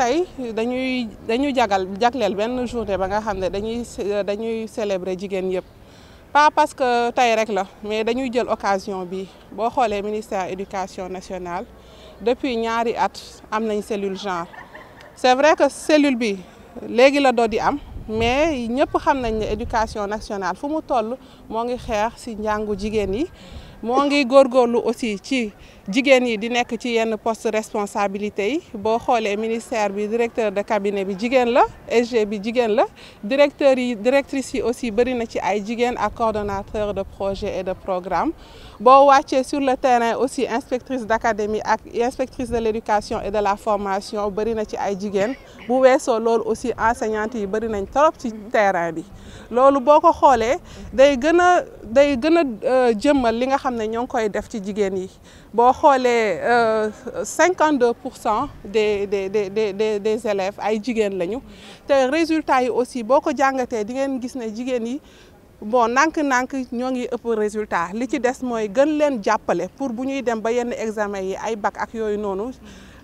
tay dañuy dañuy jagal jagleel ben journée ba nga xamné dañuy dañuy célébrer jigen yëpp pas parce que tay rek la mais dañuy jël occasion bi bo xolé ministère éducation nationale depuis ñaari at am nañ cellule genre c'est vrai que cellule bi légui la doo di am mais ñepp xam nañ ne éducation nationale fu mu toll mo ngi xeex ci njangu jigen yi moi aussi ci jigen yi di nek ci yenn poste responsabilité yi boo ministère bi directeur de cabinet bi jigen la SG bi jigen la directeur yi directrice yi aussi bëri na ci ay jigen ak coordonnateur de projet et de programme bo wàccee sur le terrain aussi inspectrice d'académie ak inspectrice de l'éducation et de la formation bëri na ci ay jigen bu wesso lool aussi enseignante yi bëri nañ trop ci terrain bi loolu boko xolé day gëna day gëna euh, jëmmal li nga xam ne ñoo ngi koy def ci jigéen yi boo xoolee 52 euh, des des des des des élèves ay jigéen lañu te résultats yi aussi boo ko jàngatee di ngeen gis ne jigéen yi bon nank nank ñoo ngi ëpp résultat li ci dess moy gën leen jàppale pour buñuy dem ba yenn examen yi ay bac ak yooyu noonu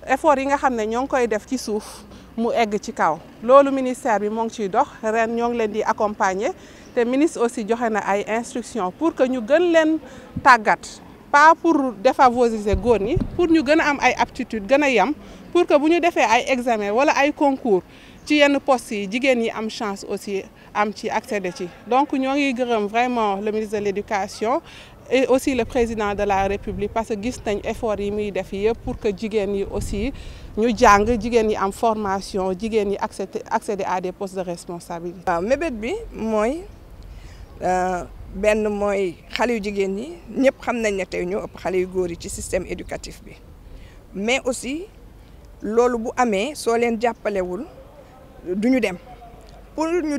effort yi nga xam ne ñoo ngi koy def ci suuf mu egg ci kaw loolu ministère bi moo ngi ciy dox ren ñoo ngi leen di accompagner te ministre aussi joxe na ay instructions pour que ñu gën leen tàggat pas pour défavoriser góor ñi pour ñu gën a am ay aptitude gën a yem pour que bu ñu defee ay examen wala ay concours ci yenn poste yi jigéen ñi am chance aussi am ci accéder ci donc ñoo ngi gërëm vraiment le ministre de l'éducation et aussi le président de la république parce que gis nañ effort yi pour que nous yi aussi ñu formation accéder à des postes de responsabilité. waaw bi ne système éducatif mais aussi loolu bu amee soo leen jàppalewul que dem pour ñu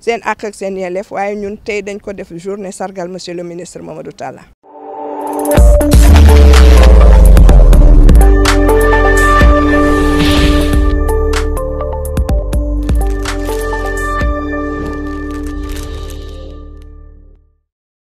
seen àq ak seen yelef waaye ñun tey dañ ko def journée sargal monsieur le ministre Mamadou Talla